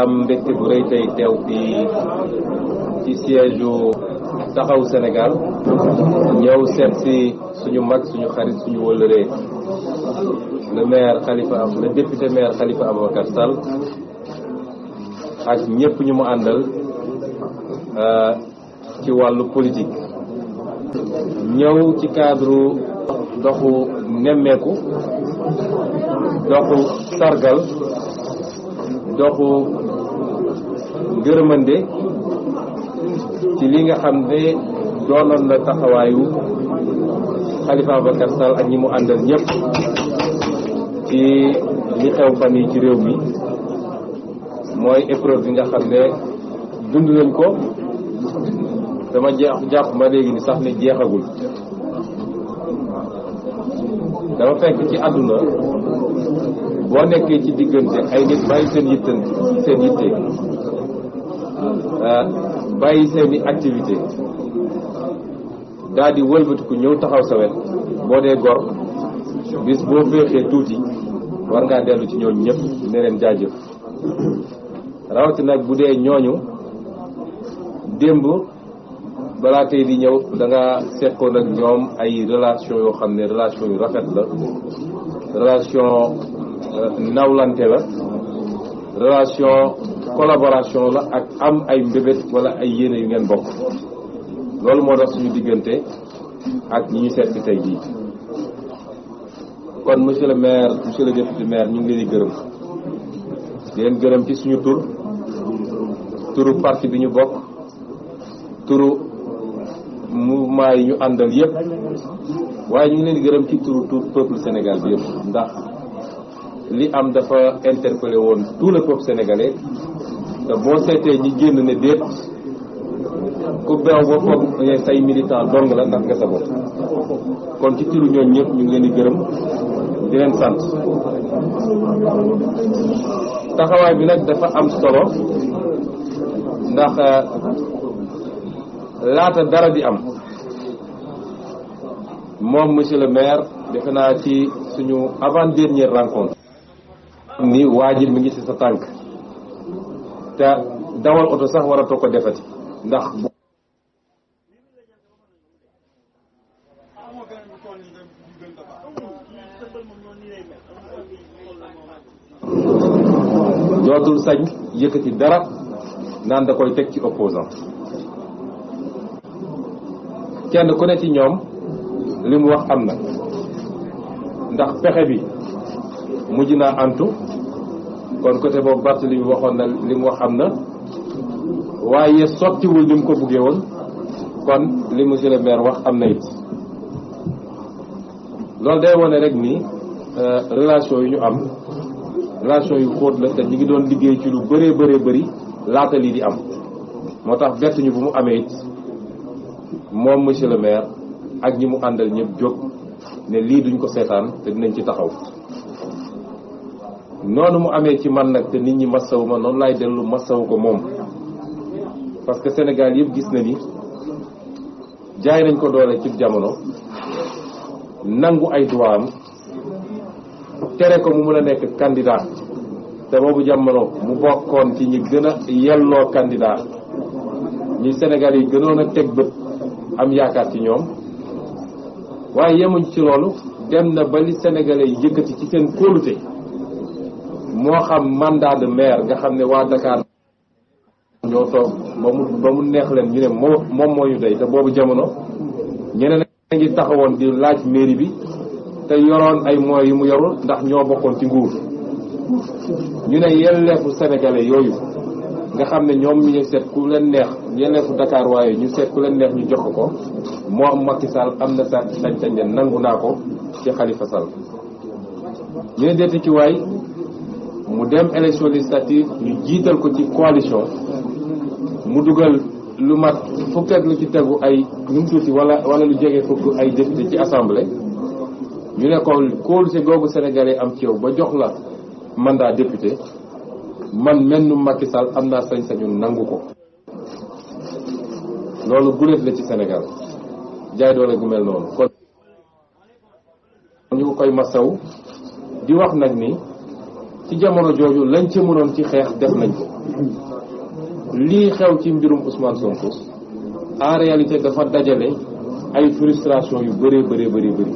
am mbégte bu rëy teew fii ci siège u taxaw Sénégal ñëw seet suñu mag suñu xarit suñu wëllëree le maire Khalifa am le député maire Khalifa Ababacar Sall ak ñëpp ñu mu àndal euh, ci wàllu politique ñëw ci cadre doxu nemmeeku doxu sargal doxu gërëmande ci lii nga xam ne doonoon na taxawaayu Xalifa Ababacar ak ñi mu àndal ñépp ci li xew fan yi ci réew mi mooy épreuve bi nga xam ne dund nañ ko dama jeex jàpp ma léegi ni sax ni jeexagul dama fekk ci àdduna boo nekkee ci diggante ay nit bàyyi seen yitte seen yitte Euh, bàyyi seeni activité daal di ñëw taxaw sa wet boo dee gor bis boo féexee tuuti war ngaa dellu ci ñooñu ñëpp ne leen jaajëf rawati nag bu dee ñooñu démb balaa tey di ñëw danga nga koon ak ñoom ay relation yoo xam ne relation yu rafet la relation euh, nawlante la relation collaboration la ak am ay mbébét wala ay yéene yu ngeen bokk loolu moo tax suñu diggante ak ñi ñu seet si tey jii kon monsieur le maire monsieur le député maire ñu ngi leen gërëm di leen gërëm ci suñu tur turu parti bi ñu bokk turu mouvement yi ñu àndal yépp waaye ñu ngi leen gërëm ci turu tout peuple Sénégal yépp ndax li am dafa interpellé woon tout le peuple sénégalais te boo seetee ñi génn ne déet ku beew ba foog say militant dong la ndax nga sa kon ci turu ñooñu ñëpp ñu ngi leen di gërëm di sant taxawaay bi nag dafa am solo ndax euh, laata dara di am moom monsieur le maire defe naa ci suñu avant dernière rencontre xam ni waajib mi ngi ci sa tànk te dawal oto sax waratoo ko defati ndax dootul sañ yëkkati dara naan da koy teg ci opposant kenn ku ne ci ñoom limu wax am na ndax pexe bi mujj naa antu kon côté boobu Barthélemy waxoon na li mu wax am na waaye sottiwul ni mu ko buggee woon kon li monsieur le wax am na it loolu day wone rek ni euh, relation yi ñu am relation yu xóot la te ñu ngi doon liggéey ci lu bëree bëree bari laata lii di am moo tax bett ñu bu mu amee it moom monsieur ak ñi mu àndal ñëpp jóg ne lii duñ ko seetaan te dinañ ci taxaw noonu mu amee ci man nag te nit ñi massawu ma noonu laay dellu massawu ko moom parce que Sénégal yëpp gis na ni jaay nañ ko doole ci jamono nangu ay droit tere ko mu mën a nekk candidat te boobu jamono mu bokkoon ci ñi gën a yelloo candidat ñi senegal yi gënoon a teg bët am yaakaar ci ñoom waaye yemuñ ci loolu dem na ba li Sénégalais yi yëkkati ci seen kóolute moo xam mandat de maire nga xam ne waa Dakar ñoo toog ba mu neex leen ñu ne moo moom moo ñu doy te boobu jamono ñeneen a ngi taxawoon di laaj mairie bi te yoroon ay moyens yu mu yorul ndax ñoo bokkoon ci nguur ñu ne yelleefu sénégalais yooyu nga xam ne ñoom ñu seet ku leen neex yelleefu Dakar waaye ñu seet ku leen neex ñu jox ko moo am Macky Sall am na sax sañ-sañ nangu naa ko ci Khalifa Sall ñu ne deeti ci mu dem élection législative ñu jiital ko ci coalition mu dugal lu mat fukk lu ci tegu ay nu mu wala wala lu jege fukk ay député ci assemblée ñu ne ko kóolute googu sénégalais am ci yow ba jox la mandat député man mennu Macky Sall am naa sañ-sañu nangu ko loolu guléet la ci senegal jaay doole gu mel noonu kon ñu koy masaw di wax nag ni ci jamono jooju lañ ca mënoon ci xeex def nañ ko lii xew ci mbirum Ousmane Sonko en réalité dafa dajale ay frustration yu bëree bëree bëri bëri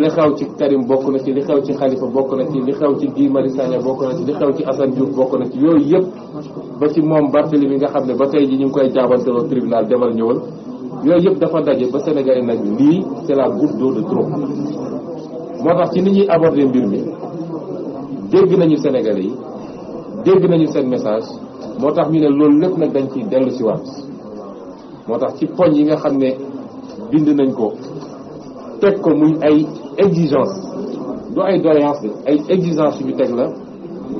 li xew ci Karim bokk na ci li xew ci Khalifa bokk na ci li xew ci Guy Marius Sagna bokk na ci li xew ci Assane Diouf bokk na ci yooyu yëpp ba ci moom Barthélemy bi nga xam ne ba tey ji ñu ngi koy jaabanteloo tribunal demal ñëwal yooyu yëpp dafa daje ba Sénégal yi nag lii c'est la goutte d'eau de trop moo tax ci ni ñuy aborder mbir dégg nañu Sénégalais yi dégg nañu seen message moo tax ñu ne loolu lépp nag dañ ciy dellu si waat moo tax ci poñ yi nga xam ne bind nañ ko teg ko muy ay exigence du ay doléance bi ay exigence yu mu teg la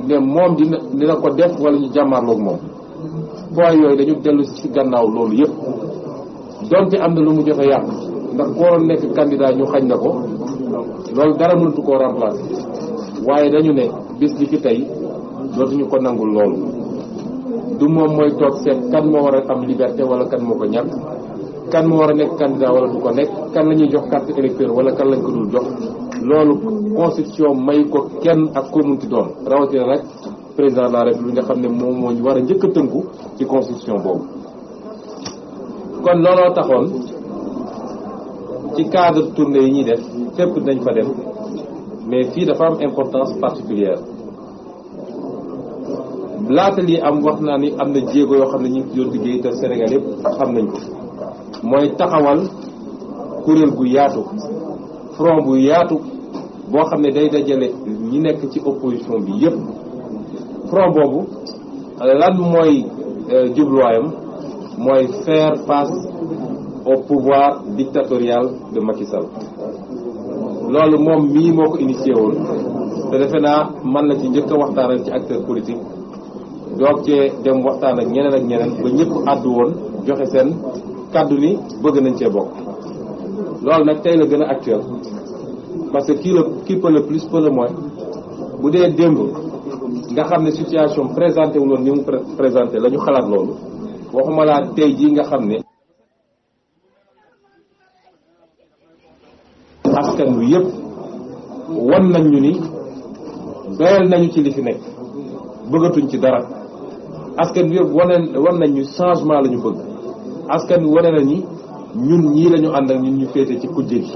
ne moom dina dina ko def wala ñu jàmmarloog moom point yooyu dañu dellu ci gannaaw loolu yëpp donte am na lu mu jot a yàq ndax ku waroon nekk candidat ñu xañ na ko loolu dara mënatu koo remplacer waaye dañu ne bis bi ci tey dootuñu ko nangul loolu du moom mooy toog seet kan moo war a am liberté wala kan moo ko ñàkk kan moo war a nekk candidat wala du ko nekk kan la ñuy jox carte électeur wala kan lañ ko dul jox loolu constitution may ko kenn ak ko munti doon rawatina nag président de la république nga xam ne moom moo ñu war a njëkk a tënku ci constitution boobu kon looloo taxoon ci cadre tournée yi ñuy def fépp dañ fa dem mais fii dafa am importance particulière laata lii am wax naa ni am na jéego yoo xam ne ñu ngi ci doon liggéey te Sénégal yëpp xam nañ ko mooy taxawal kuréel gu yaatu front bu yaatu boo xam ne day dajale ñi nekk ci opposition bi yëpp front boobu lan mooy euh, jubluwaayam mooy faire face au pouvoir dictatorial de Macky loolu moom mii moo ko initié woon te defe naa man na ci njëkk a waxtaan ci acteur politique doog cee dem waxtaan ak ñeneen ak ñeneen ba ñëpp àddu woon joxe seen kàddu ni bëgg nañ cee bokk loolu nag tey la gën a actuel parce que qui le qui plus peut le moins bu dee démb nga xam ne situation présenté wu loon ni mu présenté la ñu xalaat loolu waxuma laa tey jii nga xam ne askan wi yëpp wan nañ ñu ni doyal nañu ci li fi nekk bëggatuñ ci dara askan wi yëpp wane wan nañ ñu changement lañu bëgg askan wi wane nañu ñun ñii lañu la ñu àndal ñu féete ci kujje gi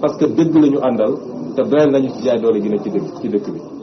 parce que dëgg la àndal te doyal nañu ci jaay doole gi ci dëkk ci dëkk bi